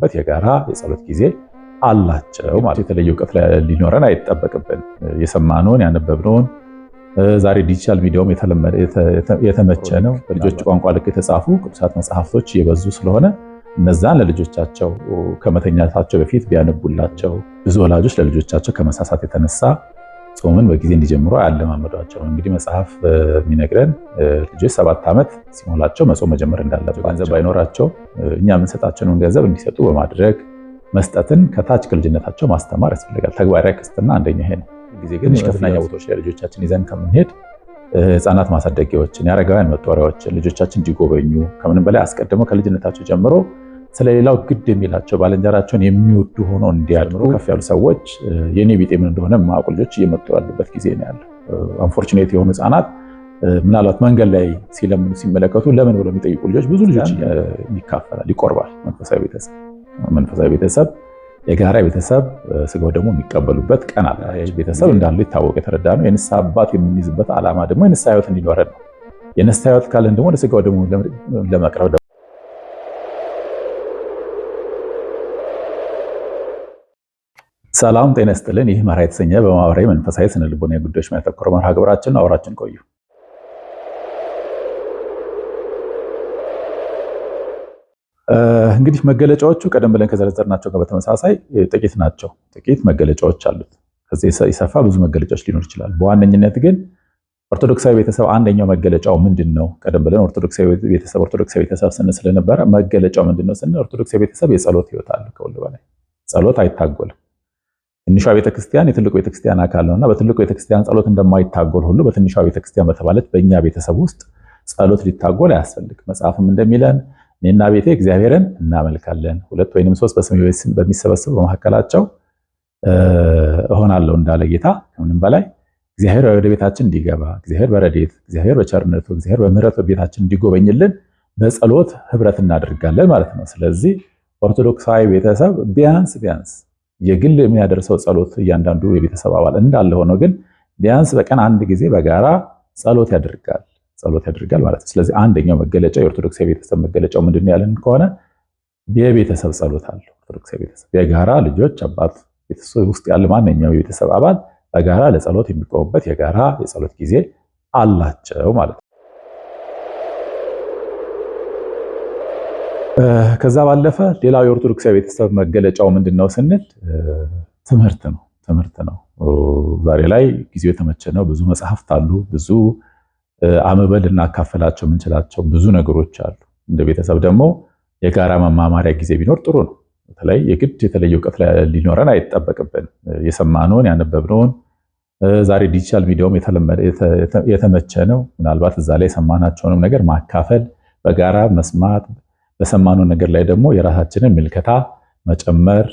በት የጋራ የጸሎት ጊዜ አላቸው ማለት የተለየ እውቀት ሊኖረን አይጠበቅብን። የሰማነውን ያነበብነውን ዛሬ ዲጂታል ሚዲያውም የተመቸ ነው። በልጆች ቋንቋ ልክ የተጻፉ ቅዱሳት መጽሐፍቶች የበዙ ስለሆነ እነዛን ለልጆቻቸው ከመተኛታቸው በፊት ቢያነቡላቸው። ብዙ ወላጆች ለልጆቻቸው ከመሳሳት የተነሳ ጾምን በጊዜ እንዲጀምሩ አያለማመዷቸው። እንግዲህ መጽሐፍ የሚነግረን ልጆች ሰባት ዓመት ሲሞላቸው መጾም መጀመር እንዳለባቸው፣ ገንዘብ ባይኖራቸው እኛ የምንሰጣቸውን ገንዘብ እንዲሰጡ በማድረግ መስጠትን ከታች ከልጅነታቸው ማስተማር ያስፈልጋል። ተግባራዊ ክርስትና አንደኛ ይሄ ነው። ጊዜ ግን መዝናኛ ቦታዎች ላይ ልጆቻችን ይዘን ከምንሄድ ህፃናት ማሳደጊያዎችን፣ የአረጋውያን መጦሪያዎችን ልጆቻችን እንዲጎበኙ ከምንም በላይ አስቀድመው ከልጅነታቸው ጀምሮ ስለሌላው ግድ የሚላቸው ባልንጀራቸውን የሚወዱ ሆነው እንዲያድሩ ከፍ ያሉ ሰዎች የኔ ቢጤ ምን እንደሆነ የማያውቁ ልጆች እየመጡ ያሉበት ጊዜ ነው ያለ። አንፎርቹኔት የሆኑ ህፃናት ምናልባት መንገድ ላይ ሲለምኑ ሲመለከቱ ለምን ብለው የሚጠይቁ ልጆች ብዙ ልጆች ይካፈላል፣ ይቆርባል መንፈሳዊ ቤተሰብ መንፈሳዊ ቤተሰብ የጋራ ቤተሰብ ስጋው ደግሞ የሚቀበሉበት ቀን አለ። ቤተሰብ እንዳሉ ይታወቅ የተረዳ ነው። የንስሐ አባት የምንይዝበት ዓላማ ደግሞ የንስሐ ህይወት እንዲኖረን ነው። የንስሐ ህይወት ካለን ደግሞ ለስጋው ደግሞ ለመቅረብ ሰላም ጤና ስጥልን። ይህ መርሃ የተሰኘ በማህበራዊ መንፈሳዊ ስነልቦና ጉዳዮች የሚያተኩረ መርሃ ግብራችን አብራችን ቆዩ። እንግዲህ መገለጫዎቹ ቀደም ብለን ከዘረዘርናቸው ጋር በተመሳሳይ ጥቂት ናቸው። ጥቂት መገለጫዎች አሉት። ከዚህ የሰፋ ብዙ መገለጫዎች ሊኖር ይችላል። በዋነኝነት ግን ኦርቶዶክሳዊ ቤተሰብ አንደኛው መገለጫው ምንድን ነው? ቀደም ብለን ኦርቶዶክሳዊ ቤተሰብ ኦርቶዶክሳዊ ቤተሰብ ስን ስለነበረ መገለጫው ምንድን ነው ስንል ኦርቶዶክሳዊ ቤተሰብ የጸሎት ህይወት አለ። ከሁሉ በላይ ጸሎት አይታጎልም። ትንሿ ቤተክርስቲያን የትልቁ ቤተክርስቲያን አካል ነውና በትልቁ ቤተክርስቲያን ጸሎት እንደማይታጎል ሁሉ በትንሿ ቤተክርስቲያን በተባለች በእኛ ቤተሰብ ውስጥ ጸሎት ሊታጎል አያስፈልግ መጽሐፍም እንደሚለን እኔና ቤቴ እግዚአብሔርን እናመልካለን፣ ሁለት ወይንም ሶስት በስሜ በሚሰበሰቡ በመካከላቸው እሆናለሁ እንዳለ ጌታ ከምንም በላይ እግዚአብሔር ወደ ቤታችን እንዲገባ እግዚአብሔር በረዴት እግዚአብሔር በቸርነቱ እግዚአብሔር በምሕረቱ ቤታችን እንዲጎበኝልን በጸሎት ህብረት እናደርጋለን ማለት ነው። ስለዚህ ኦርቶዶክሳዊ ቤተሰብ ቢያንስ ቢያንስ የግል የሚያደርሰው ጸሎት እያንዳንዱ የቤተሰብ አባል እንዳለ ሆኖ ግን ቢያንስ በቀን አንድ ጊዜ በጋራ ጸሎት ያደርጋል። ጸሎት ያደርጋል ማለት ነው። ስለዚህ አንደኛው መገለጫ የኦርቶዶክስ የቤተሰብ መገለጫው ምንድን ነው ያለን ከሆነ የቤተሰብ ጸሎት አለ። ኦርቶዶክስ የቤተሰብ የጋራ ልጆች፣ አባት፣ ቤተሰብ ውስጥ ያለ ማንኛውም የቤተሰብ አባል በጋራ ለጸሎት የሚቆሙበት የጋራ የጸሎት ጊዜ አላቸው ማለት ነው። ከዛ ባለፈ ሌላው የኦርቶዶክስ ቤተሰብ መገለጫው ምንድን ነው ስንል ትምህርት ነው። ትምህርት ነው። ዛሬ ላይ ጊዜው የተመቸ ነው። ብዙ መጽሐፍት አሉ። ብዙ አምበል ልናካፈላቸው የምንችላቸው ብዙ ነገሮች አሉ። እንደ ቤተሰብ ደግሞ የጋራ መማማሪያ ጊዜ ቢኖር ጥሩ ነው። በተለይ የግድ የተለየ እውቀት ሊኖረን አይጠበቅብንም የሰማነውን ያነበብነውን ዛሬ ዲጂታል ሚዲያውም የተመቸ ነው። ምናልባት እዛ ላይ የሰማናቸውንም ነገር ማካፈል፣ በጋራ መስማት፣ በሰማነው ነገር ላይ ደግሞ የራሳችንን ምልከታ መጨመር፣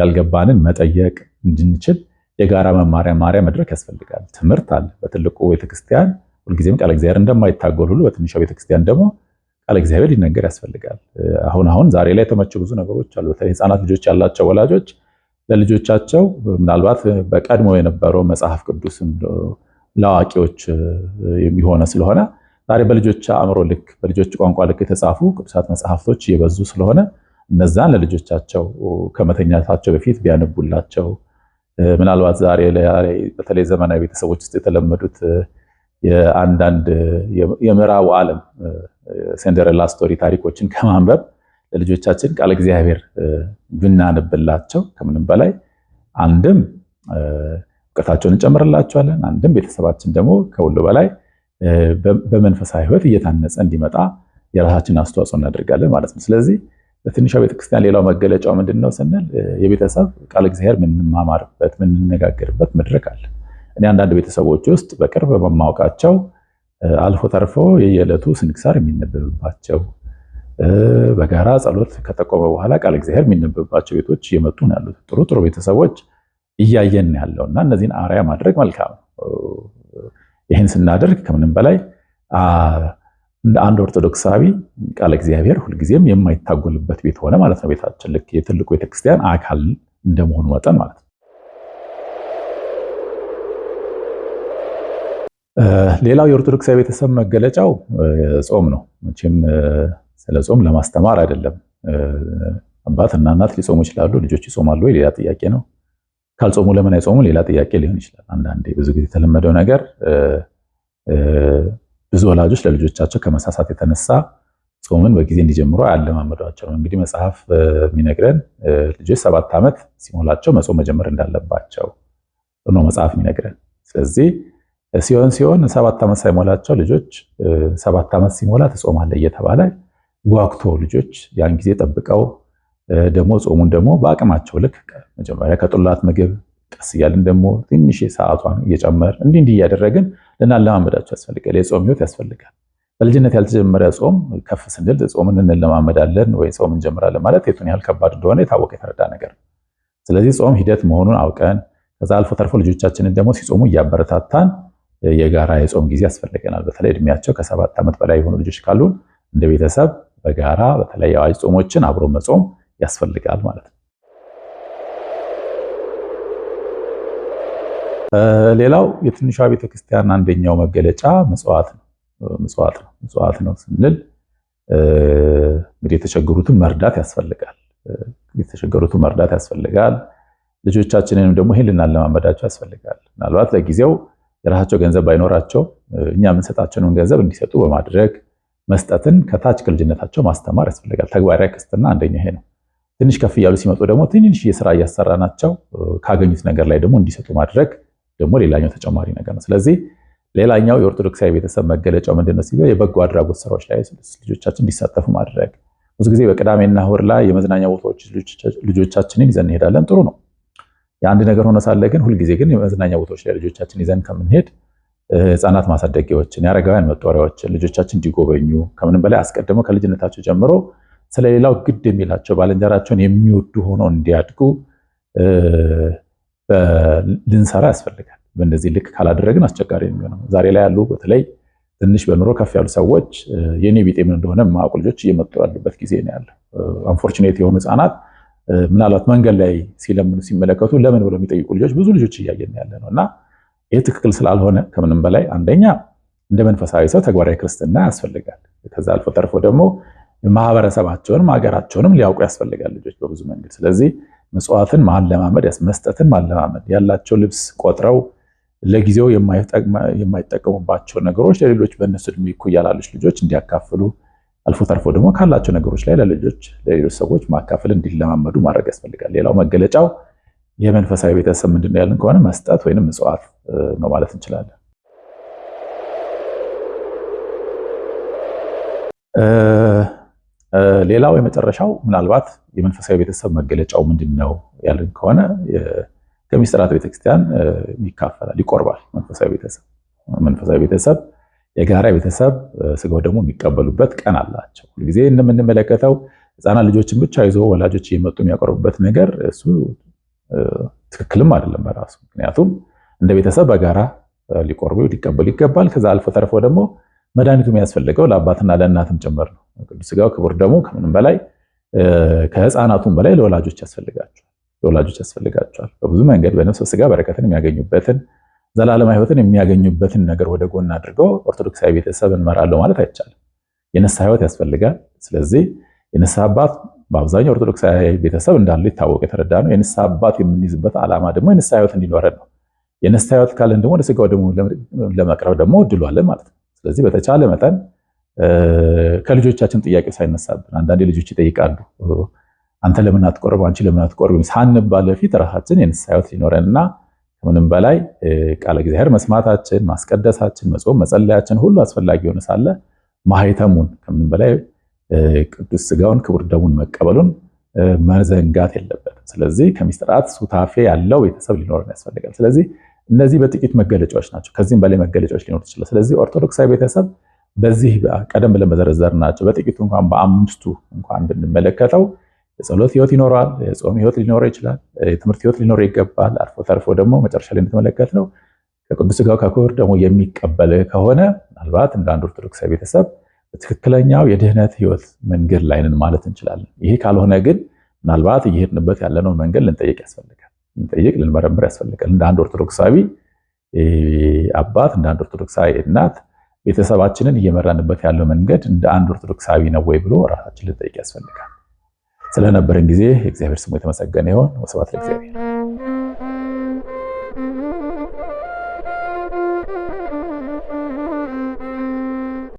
ያልገባንን መጠየቅ እንድንችል የጋራ መማሪያ ማሪያ መድረክ ያስፈልጋል። ትምህርት አለ በትልቁ ቤተክርስቲያን ሁልጊዜም ቃለ እግዚአብሔር እንደማይታጎል ሁሉ በትንሿ ቤተክርስቲያን ደግሞ ቃለ እግዚአብሔር ሊነገር ያስፈልጋል። አሁን አሁን ዛሬ ላይ የተመቹ ብዙ ነገሮች አሉ። በተለይ ህፃናት ልጆች ያላቸው ወላጆች ለልጆቻቸው ምናልባት በቀድሞ የነበረው መጽሐፍ ቅዱስ ለአዋቂዎች የሚሆነ ስለሆነ ዛሬ በልጆች አእምሮ ልክ በልጆች ቋንቋ ልክ የተጻፉ ቅዱሳት መጽሐፍቶች እየበዙ ስለሆነ እነዛን ለልጆቻቸው ከመተኛታቸው በፊት ቢያነቡላቸው ምናልባት ዛሬ በተለይ ዘመናዊ ቤተሰቦች ውስጥ የተለመዱት የአንዳንድ የምዕራቡ ዓለም ሴንደሬላ ስቶሪ ታሪኮችን ከማንበብ ለልጆቻችን ቃለ እግዚአብሔር ብናንብላቸው ከምንም በላይ አንድም እውቀታቸውን እንጨምርላቸዋለን፣ አንድም ቤተሰባችን ደግሞ ከሁሉ በላይ በመንፈሳዊ ሕይወት እየታነጸ እንዲመጣ የራሳችንን አስተዋጽኦ እናደርጋለን ማለት ነው። ስለዚህ በትንሿ ቤተክርስቲያን ሌላው መገለጫው ምንድን ነው ስንል የቤተሰብ ቃለ እግዚአብሔር ምንማማርበት፣ ምንነጋገርበት መድረክ አለ። እኔ አንዳንድ ቤተሰቦች ውስጥ በቅርብ በማውቃቸው አልፎ ተርፎ የየዕለቱ ስንክሳር የሚነበብባቸው በጋራ ጸሎት ከተቆመ በኋላ ቃል እግዚአብሔር የሚነበብባቸው ቤቶች እየመጡ ነው ያሉት። ጥሩ ጥሩ ቤተሰቦች እያየን ያለው እና እነዚህን አርያ ማድረግ መልካም ነው። ይህን ስናደርግ ከምንም በላይ እንደ አንድ ኦርቶዶክሳዊ ቃል እግዚአብሔር ሁልጊዜም የማይታጎልበት ቤት ሆነ ማለት ነው። ቤታችን ልክ የትልቁ ቤተክርስቲያን አካል እንደመሆኑ መጠን ማለት ነው። ሌላው የኦርቶዶክሳዊ ቤተሰብ መገለጫው ጾም ነው። መቼም ስለ ጾም ለማስተማር አይደለም። አባት እና እናት ሊጾሙ ይችላሉ። ልጆች ይጾማሉ ወይ? ሌላ ጥያቄ ነው። ካልጾሙ ለምን አይጾሙ? ሌላ ጥያቄ ሊሆን ይችላል። አንዳንዴ ብዙ ጊዜ የተለመደው ነገር ብዙ ወላጆች ለልጆቻቸው ከመሳሳት የተነሳ ጾምን በጊዜ እንዲጀምሩ አያለማመዷቸው። እንግዲህ መጽሐፍ የሚነግረን ልጆች ሰባት ዓመት ሲሞላቸው መጾም መጀመር እንዳለባቸው ነው መጽሐፍ የሚነግረን። ስለዚህ ሲሆን ሲሆን ሰባት ዓመት ሳይሞላቸው ልጆች ሰባት ዓመት ሲሞላ ትጾማለህ እየተባለ ጓግቶ ልጆች ያን ጊዜ ጠብቀው ደግሞ ጾሙን ደግሞ በአቅማቸው ልክ መጀመሪያ ከጡላት ምግብ ቀስ እያልን ደግሞ ትንሽ ሰዓቷን እየጨመር እንዲህ እንዲህ እያደረግን ልናለማመዳቸው ያስፈልጋል። የጾም ህይወት ያስፈልጋል። በልጅነት ያልተጀመረ ጾም ከፍ ስንል ጾምን እንለማመዳለን ወይ ጾም እንጀምራለን ማለት የቱን ያህል ከባድ እንደሆነ የታወቀ የተረዳ ነገር ነው። ስለዚህ ጾም ሂደት መሆኑን አውቀን ከዛ አልፎ ተርፎ ልጆቻችንን ደግሞ ሲጾሙ እያበረታታን የጋራ የጾም ጊዜ ያስፈልገናል። በተለይ እድሜያቸው ከሰባት ዓመት በላይ የሆኑ ልጆች ካሉን እንደ ቤተሰብ በጋራ በተለይ አዋጅ ጾሞችን አብሮ መጾም ያስፈልጋል ማለት ነው። ሌላው የትንሿ ቤተክርስቲያን አንደኛው መገለጫ ምጽዋት ነው። ምጽዋት ነው። ስንል እንግዲህ የተቸገሩትን መርዳት ያስፈልጋል። የተቸገሩትን መርዳት ያስፈልጋል። ልጆቻችንንም ደግሞ ይህን ልናለማመዳቸው ያስፈልጋል። ምናልባት ለጊዜው የራሳቸው ገንዘብ ባይኖራቸው እኛ የምንሰጣቸውን ገንዘብ እንዲሰጡ በማድረግ መስጠትን ከታች ከልጅነታቸው ማስተማር ያስፈልጋል። ተግባራዊ ክርስትና አንደኛ ይሄ ነው። ትንሽ ከፍ እያሉ ሲመጡ ደግሞ ትንሽ የስራ እያሰራ ናቸው ካገኙት ነገር ላይ ደግሞ እንዲሰጡ ማድረግ ደግሞ ሌላኛው ተጨማሪ ነገር ነው። ስለዚህ ሌላኛው የኦርቶዶክሳዊ ቤተሰብ መገለጫው ምንድነው ነው የበጎ አድራጎት ስራዎች ላይ ልጆቻችን እንዲሳተፉ ማድረግ። ብዙ ጊዜ በቅዳሜና እሑድ ላይ የመዝናኛ ቦታዎች ልጆቻችንን ይዘን እንሄዳለን። ጥሩ ነው። የአንድ ነገር ሆነ ሳለ ግን ሁልጊዜ ግን የመዝናኛ ቦታዎች ላይ ልጆቻችን ይዘን ከምንሄድ ህፃናት ማሳደጊያዎችን፣ የአረጋውያን መጦሪያዎችን ልጆቻችን እንዲጎበኙ ከምንም በላይ አስቀድመው ከልጅነታቸው ጀምሮ ስለሌላው ግድ የሚላቸው ባልንጀራቸውን የሚወዱ ሆነው እንዲያድጉ ልንሰራ ያስፈልጋል። በእንደዚህ ልክ ካላደረግን አስቸጋሪ የሚሆነው ዛሬ ላይ ያሉ በተለይ ትንሽ በኑሮ ከፍ ያሉ ሰዎች የኔ ቢጤ ምን እንደሆነ የማያውቁ ልጆች እየመጡ ያሉበት ጊዜ ነው ያለው። የሆኑ ህፃናት ምናልባት መንገድ ላይ ሲለምኑ ሲመለከቱ ለምን ብለው የሚጠይቁ ልጆች ብዙ ልጆች እያየን ያለ ነው እና ይህ ትክክል ስላልሆነ ከምንም በላይ አንደኛ እንደ መንፈሳዊ ሰው ተግባራዊ ክርስትና ያስፈልጋል። ከዛ አልፎ ተርፎ ደግሞ ማህበረሰባቸውንም ሀገራቸውንም ሊያውቁ ያስፈልጋል ልጆች በብዙ መንገድ። ስለዚህ ምጽዋትን ማለማመድ፣ መስጠትን ማለማመድ፣ ያላቸው ልብስ ቆጥረው ለጊዜው የማይጠቀሙባቸው ነገሮች ለሌሎች በእነሱ ዕድሜ እኩያ ላሉት ልጆች እንዲያካፍሉ አልፎ ተርፎ ደግሞ ካላቸው ነገሮች ላይ ለልጆች ለሌሎች ሰዎች ማካፈል እንዲለማመዱ ማድረግ ያስፈልጋል። ሌላው መገለጫው የመንፈሳዊ ቤተሰብ ምንድነው ያለን ያልን ከሆነ መስጠት ወይንም ምጽዋት ነው ማለት እንችላለን። ሌላው የመጨረሻው ምናልባት የመንፈሳዊ ቤተሰብ መገለጫው ምንድን ነው ያለን ከሆነ ከሚስጥራተ ቤተክርስቲያን ይካፈላል፣ ይቆርባል። መንፈሳዊ ቤተሰብ መንፈሳዊ ቤተሰብ የጋራ ቤተሰብ ስጋው ደግሞ የሚቀበሉበት ቀን አላቸው። ሁልጊዜ እንደምንመለከተው ህፃናት ልጆችን ብቻ ይዞ ወላጆች እየመጡ የሚያቀርቡበት ነገር እሱ ትክክልም አይደለም በራሱ ምክንያቱም እንደ ቤተሰብ በጋራ ሊቆርቡ ሊቀበሉ ይገባል። ከዛ አልፎ ተርፎ ደግሞ መድኃኒቱ የሚያስፈልገው ለአባትና ለእናትም ጭምር ነው። ቅዱስ ስጋው ክቡር ደግሞ ከምንም በላይ ከህፃናቱም በላይ ለወላጆች ያስፈልጋቸዋል ለወላጆች ያስፈልጋቸዋል። በብዙ መንገድ በነፍሰ ስጋ በረከትን የሚያገኙበትን ዘላለማ ህይወትን የሚያገኙበትን ነገር ወደ ጎን አድርገው ኦርቶዶክሳዊ ቤተሰብ እንመራለሁ ማለት አይቻልም። የንስሐ ህይወት ያስፈልጋል። ስለዚህ የንስሐ አባት በአብዛኛው ኦርቶዶክሳዊ ቤተሰብ እንዳለ ይታወቅ የተረዳ ነው። የንስሐ አባት የምንይዝበት ዓላማ ደግሞ የንስሐ ህይወት እንዲኖረን ነው። የንስሐ ህይወት ካለን ደግሞ ወደ ስጋው ደግሞ ለመቅረብ ደግሞ እድሏለን ማለት ነው። ስለዚህ በተቻለ መጠን ከልጆቻችን ጥያቄ ሳይነሳብን አንዳንዴ ልጆች ይጠይቃሉ አንተ ለምን አትቆርብ፣ አንቺ ለምን አትቆርብ ሳንባል በፊት ራሳችን የንስሐ ህይወት ሊኖረን እና ምንም በላይ ቃለ እግዚአብሔር መስማታችን፣ ማስቀደሳችን፣ መጾም መጸለያችን ሁሉ አስፈላጊ ሆነ ሳለ ማህተሙን ከምንም በላይ ቅዱስ ስጋውን ክቡር ደሙን መቀበሉን መዘንጋት የለበትም። ስለዚህ ከሚስጥራት ሱታፌ ያለው ቤተሰብ ሊኖረን ያስፈልጋል። ስለዚህ እነዚህ በጥቂት መገለጫዎች ናቸው። ከዚህም በላይ መገለጫዎች ሊኖሩ ይችላል። ስለዚህ ኦርቶዶክሳዊ ቤተሰብ በዚህ ቀደም ብለን በዘረዘርናቸው በጥቂቱ እንኳን በአምስቱ እንኳን ብንመለከተው የጸሎት ህይወት ይኖረዋል። የጾም ህይወት ሊኖረው ይችላል። የትምህርት ህይወት ሊኖረው ይገባል። አርፎ ተርፎ ደግሞ መጨረሻ ላይ እንደተመለከት ነው ከቅዱስ ጋር ከክብር ደግሞ የሚቀበል ከሆነ ምናልባት እንደ አንድ ኦርቶዶክሳዊ ቤተሰብ በትክክለኛው የድህነት ህይወት መንገድ ላይንን ማለት እንችላለን። ይሄ ካልሆነ ግን ምናልባት እየሄድንበት ያለነውን መንገድ ልንጠይቅ ያስፈልጋል። ልንጠይቅ ልንመረምር ያስፈልጋል። እንደ አንድ ኦርቶዶክሳዊ አባት፣ እንደ አንድ ኦርቶዶክሳዊ እናት ቤተሰባችንን እየመራንበት ያለው መንገድ እንደ አንድ ኦርቶዶክሳዊ ነው ወይ ብሎ ራሳችን ልንጠይቅ ያስፈልጋል። ስለነበረን ጊዜ የእግዚአብሔር ስሙ የተመሰገነ ይሆን። ወስብሐት ለእግዚአብሔር።